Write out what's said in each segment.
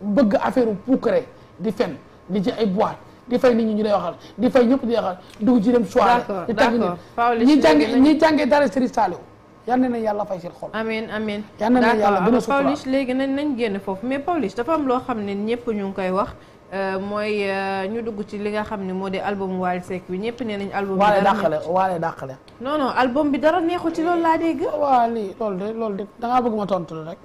bëgg affaire puukare di fen di ci ay boîte di fay nit ñi ñu lay waxal di fay ñëpp di waxal dugg ci dem soirée di tàgg nit ñi jànge ñi jànge dara Serigne Saliou yal na yàlla fay seen xol amiin amiin yal na léegi nañ nañ génn foofu mais Pawlish dafa am loo xam ne ñëpp ñu ngi koy wax euh, mooy euh, ñu dugg ci li nga xam ne moo di album Wally Seck bi ñëpp ne nañ album bi dara dàqale waale dàqale non non album bi dara neexu ci loolu laa dégg waa lii loolu de loolu de da bëgg ma tontu la rek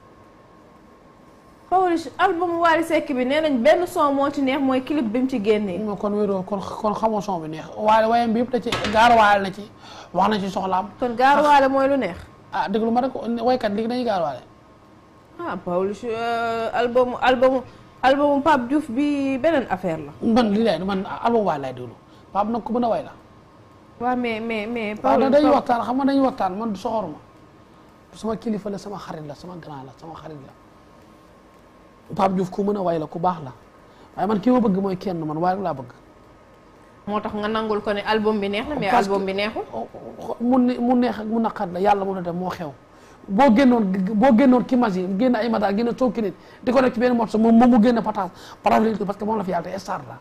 Pawlish album Wally Seck bi nee nañ benn son moo ci neex mooy clip bi mu ci génnee. non kon wéroo kon kon xamoo son bi neex waaye wayam bi yëpp da ci gaaruwaale na ci wax na soxlaam. kon gaaruwaale mooy lu neex. ah déglu ma rek waykat léegi dañuy gaaruwaale. ah Pawlish euh, album album album Pape Diouf bi beneen affaire la. man li lay man album Wally laay déglu Pape nag ku mën a way la. waaw mais mais mais. Pawlish waaw xam nga dañuy waxtaan man soxor ma sama kilifa la sama xarit la sama grand la sama xarit la. Pape Diouf ku mën a way la ku baax la waaye man ki ma bëgg mooy kenn man waaye rek laa bëgg. moo tax nga nangul ko ne album bi neex na mais album bi neexul. Oh, oh, mu ne mu neex ak mu naqar la yàlla moo tax moo xew boo génnoon boo génnoon ki mas yi génn ay madaal génn toog ki di ko nekk ci benn morceau moom moom mu génn pataas pataas parce que moom la fi yàlla te star la.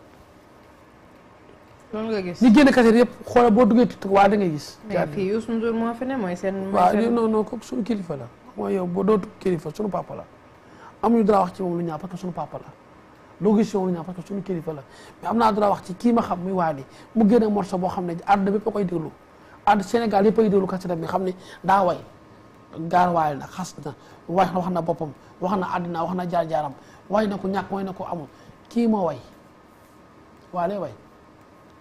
loolu génn kaseet yëpp xoolal boo duggee tiktok waaye da ngay gis. mais fii Youssou Ndour seen. mooy seen waaw kilifa la mooy yow boo dootu kilifa sunu papa la. amuñu droit wax ci moom lu ñaaw parce que suñu papa la loo gis ci moom lu ñaaw parce que naa droit wax ci kii ma xam muy Wally mu génne morceau boo xam ne àdduna bépp a koy déglu àdduna Sénégal yëpp a koy déglu kasetam bi xam ne daa way gaar waay na xas na waay wax na boppam wax na àddina wax na jaar-jaaram way na ko ñàkk waay na ko amul kii moo way waale way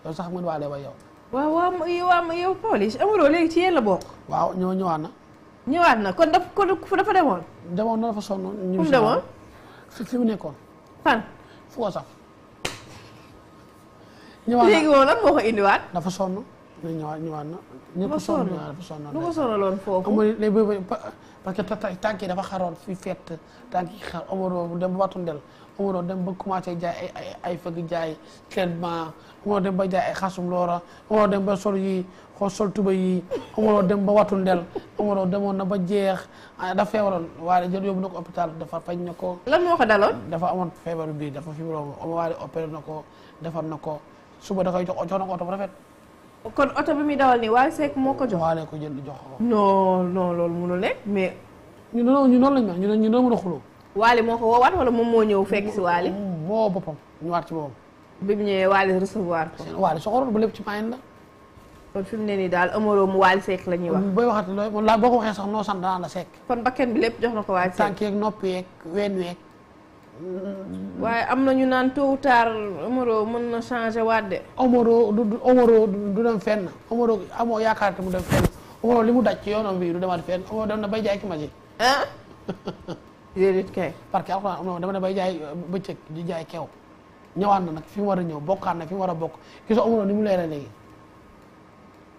yow sax xam nga waalee way yow waaw waaw yow Pawlish amuloo léegi ci ñëwaat na kon daf ko dafa demoon. demoon na dafa sonn ñu. fu mu demoon fi mu nekkoon. fan fu ko saf. ñëwaat léegi woon lan moo ko indiwaat. dafa sonn. ñu ñëwaat ñëwaat na. ñëpp sonn ñëpp sonn lu ko sonaloon foofu. parce que tànk dafa xaroon fi fett tànk yi xar amoo dem ba dem ba commencé jaay ay ay jaay traitement amoo dem ba jaay ay xasum loora amoo dem ba sol yi xool sol tuba yi amoo dem ba wattu ndel amoo demoon na ba jeex ah, dafa feebaroon waaye jël yóbbu na ko hôpital dafa faj na ko. lan dafa amoon feebaru bii dafa fibrome waaye opéré na ko defar na ko suba dafa koy jox jox na ko oto bu rafet. kon oto bi muy dawal nii waaye Seck moo ko jox. waaw ko jënd jox ko. non non loolu mënul nekk mais. ñu doon ñu noonu lañ ñu doon ñu doon mën a xuloo. waale moo ko woowaat wala moom moo ñëw fekk si waale. boo boppam ñu waat ci boppam. bi mu ñëwee waale recevoir ko. waale soxoroon bu lépp ci payen la. kon fi mu ne nii daal amaroo mu waale Seck la ñuy wax. booy waxati looy boo ko waxee sax noo sant daan la Seck. kon bakken bi lépp jox na ko waale Seck. tànk yeeg nopp yeeg ween waaye am na ñu naan tôt ou tard mën na changé waat de. Omaro du Omaro du dem fenn Omaro amoo yaakaar te mu dem fenn li mu daj ci yoonam bi du demaat fenn Omaro dem na bay jaay ci mag yi. ah. déedéet kay. parce que alxuraan non dama ne jaay euh, bëccëg di jaay kew ñëwaat na fi mu war a ñëw bokkaat na fi war a bokk gisoo Omaro ni mu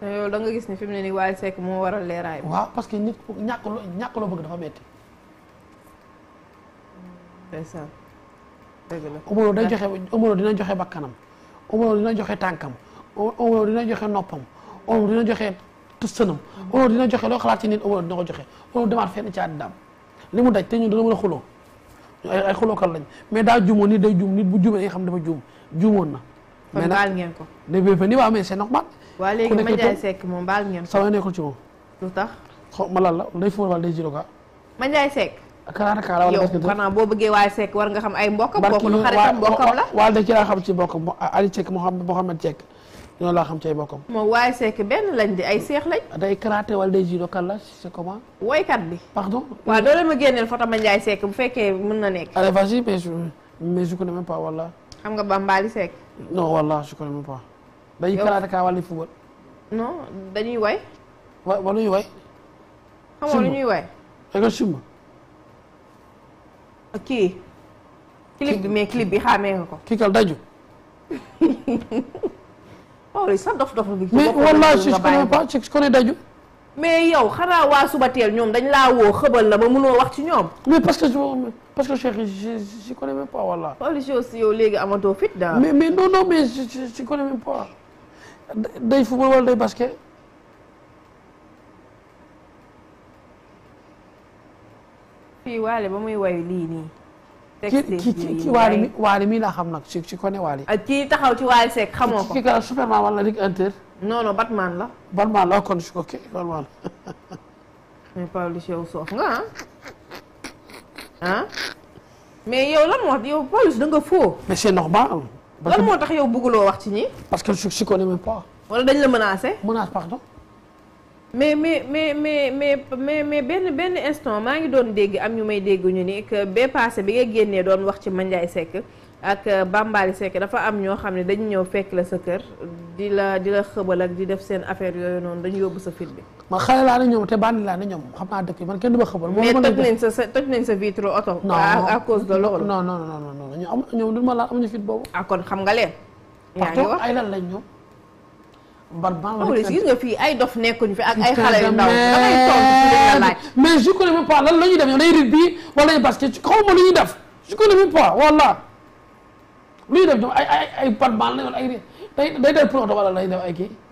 da nga gis ni fi mu ne nii Waly Seck moo waral leeraay. waaw parce que nit ñàkk loo ñàkk loo bëgg dafa metti ndeysaan dëgg la Omaro day joxe Omaro dina joxe bakkanam Omaro dina joxe tànkam Omaro dina joxe noppam Omaro dina joxe tëstanam Omaro dina joxe loo xalaat ci nit Omaro dina ko joxe Omaro demaat fenn ci àddinaam li mu daj te ñun dina mën a xuloo ay ay xulookat lañ mais daa juumoon nit day juum nit bu juumee nga xam dafa juum juumoon na. kon baal ngeen ko mais nag ni waa mais c'est normal. waaw léegi Mandiaye Seck moom baal ngeen ko sama nekkul ci moom. lu tax xaw ma lan la day fóor wala day jiro ga Mandiaye Seck. kaana kaala wala yow xanaa boo bëggee waaye Seck war nga xam ay mbokkam kooku lu xaritam la waaye xam ci mbokkam Ali Seck Mohamed Seck ñoo laa xam ci bi pardon waaw doo leen ma génneel photo ma Ndiaye Seck bu fekkee mën na nekk allez vas-y mais je mais je connais même pas dañuy karaté kaa wala football non wa wala ñuy way lu ñuy woy eko simba kii. clip bi mais clip bi xàmmee nga ko. kii kal daju. Pawlish oh, sax dof-dof bi. mais wallaahi si je connais pas si je connais daju. mais yow xanaa waa suba teel ñoom dañ laa woo xëbal la ba munoo wax ci ñoom. mais parce que parce que Cheikh je je connais même pas wallaahi. Pawlish aussi fit daal. mais mais non non mais je je connais même pas day football wala day basket. fii waale ba muy way lii nii. texte waale waale mii laa xam nag ci ci kone waale. ak ah, kii taxaw ci waale Seck xamoo ko. kii ka Superman wala Rick non non Batman la. Batman la kon su ko kii loolu wala. mais Pawlish yow soof nga ah. mais yow lan moo tax yow Pawlish da nga faux. mais c'est normal. lan moo tax yow bëgguloo wax ci ñi. parce que je ne wala dañ la menacer. menace pardon. mais mais mais mais mais mais mais benn benn instant maa ngi doon dégg am ñu may dégg ñu ni que bee passé bi nga génnee doon wax ci Mandiaye Seck ak euh, Bambaali Seck dafa am ñoo xam ne dañu ñëw fekk la sa kër di la di la xëbal ak di def seen affaire yooyu noonu dañu yóbbu sa fit bi. ma xale laa ne ñoom te bànn laa ne ñoom xam naa dëkk man kenn du ma xëbal. mais toj nañ sa sa toj nañ sa vitre oto. à cause de loolu. non non non non non ñu ma laal amuñu fit boobu. ah kon xam nga leen. yaa wax ay lan lañ ñoom. Oh, mais je connais même pas lan la def rugby wala basket je connais même pas Voilà. Lui def ay ay ay day day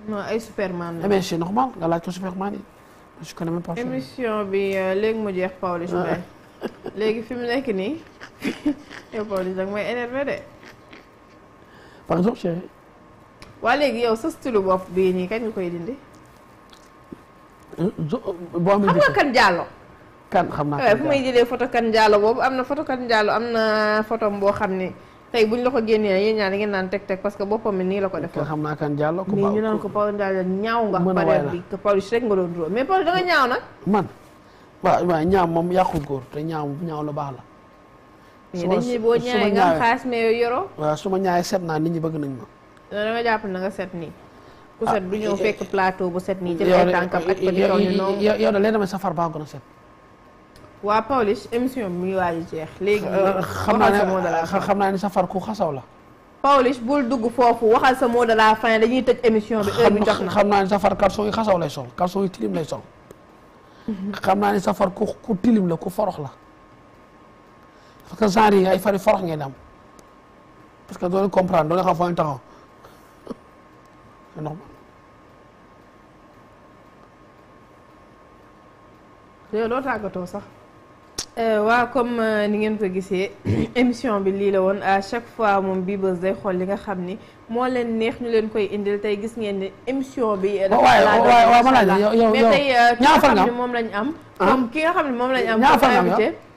non superman Eh ne c'est normal La superman je connais même pas. émission bi euh, mu jeex je ah. ne. de. par exemple waa léegi yow sa stylu bopp bii nii kañ nga koy dindi. Eh, boo amee xam nga kan Diallo. kan xam naa eh, kan Diallo boobu am na photo kan Diallo am na photo boo xam ne tey buñ la ko génnee yéen ñaar ngeen naan teg parce que boppam mi nii la ko defoon. xam naa kan Diallo. ko ñu ñaaw nga. mën bi que Pawlish nag. man waaw waaw ñaaw moom yàqul góor te ñaaw ñaaw la baax la. su ma su ma ñaawee mais dañ ne boo ñaawee nga am mais yoroo. waaw su ma ñaawee seet naa nit ñi bëgg nañ ma da nga jàpp na nga set nii. ku ah. set du ñëw fekk plateau bu set nii. jël ay tànkam ak ko di kaw ñu noonu yow de léegi safar baa gën set. waa Pawlish émission mi ngi waaj jeex. léegi euh, xam naa ne xam naa ne safar ku xasaw la. Pawlish bul dugg foofu waxal sa mot la fin dañuy tëj émission bi heure bi xam naa ne safar xasaw lay sol kalson yi tilim lay sol. Mhm. xam naa ne safar ku ku tilim la ku forox la. parce que genre ay fari forox ngeen am parce que doo leen comprendre doo leen xam foo leen taxaw. ndox mi yow tàggatoo sax eh, waaw comme euh, ni ngeen ko gisee émission bi lii la woon à chaque fois moom bii bës day xool li nga xam ni moo leen neex ñu leen koy indil tey gis ngeen ne émission bi. dafa oh, oh, laaj waaw waaw waaw mais tey euh, ah. ki nga xam ne moom lañ am. ki nga xam ne moom lañ am. ñaafal nga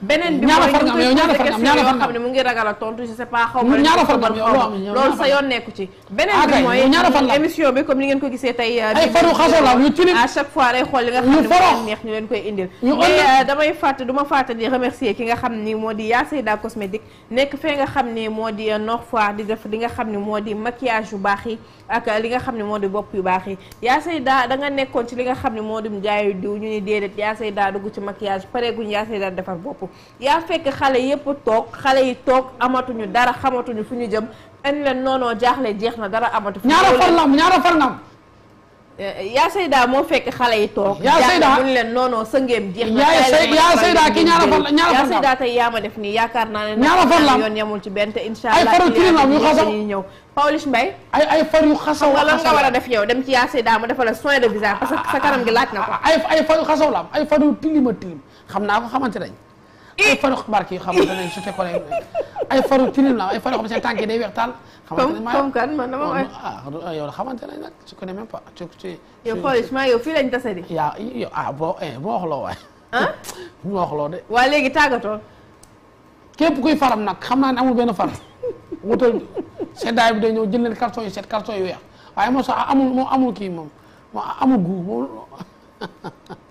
beneen bi ñaata far am yow ñaata far nga am a tontu yoon nekku ci beneen ah, bi mooy émission bi comme ni ngeen ko gisee tey euh, ay xool li nga xam ne moo koy indil mais euh, damay fàtte ma fàtte di remercier ki nga xam ni moo di Yaa Seyda cosmétique nekk fee nga xam ne moo di euh, Nord Foire di def li nga xam ni moo di maquillage yu baax yi ak li nga xam ne moo di bopp yu baax yi Yaa Seyda da nga nekkoon ci li nga xam ne moo di jaayu diw ñu ni déedéet Yaa Seyda dugg ci maquillage pareeguñ Yaa Seyda defar bopp yaa fekk xale yépp toog xale yi toog amatuñu dara xamatuñu fu ñu jëm dañ leen noonoo jaaxle jeex na dara amatu ñaara far ngam ñaara far ngam eh, yaa Seyda moo fekk xale yi toog yaa Seyda buñ leen noonoo sëngeem jeex na yaa Seyda kii ñaara far tey yaa ma def nii yaakaar naa ne ñaara far ngam yoon yemul ci benn te incha allah yu xasaw ñëw Pawlish Mbaye ay far yu xasaw la lan def yow dem ci yaa Seyda mu defal soin de que sa kanam gi laaj na ko ay ay faru xasaw la tilim xam naa ko xamante nañ Eh, ay faru barki yoo xamante ne su fekkoon ay faru tilim la ay faru yoo xam seen tànk yi day weex taal. xamante ne comme kan man dama ah, ah, ah yow xamante ne nag su ko ne même pas su su. yow Pawlish maa yow fii lañ tase di. yaa yow ah boo eh, boo waxloo waay. ah bu ma waxloo de. waa léegi tàggatoon. képp kuy faram nag xam naa ne amul benn far wutal seddaay bi day ñëw jël leen carton yu set carton yu weex waaye moo sax amul moo amul kii moom moo amul gu moom.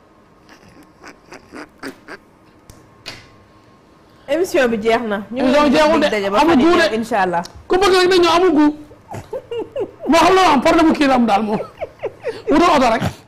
émission bi jeex na. ñu ngi jeexul de amul allah. ku bëgg rek dañ ñëw amul gu moo xam la am problème mu kii la am daal moom wutal rek.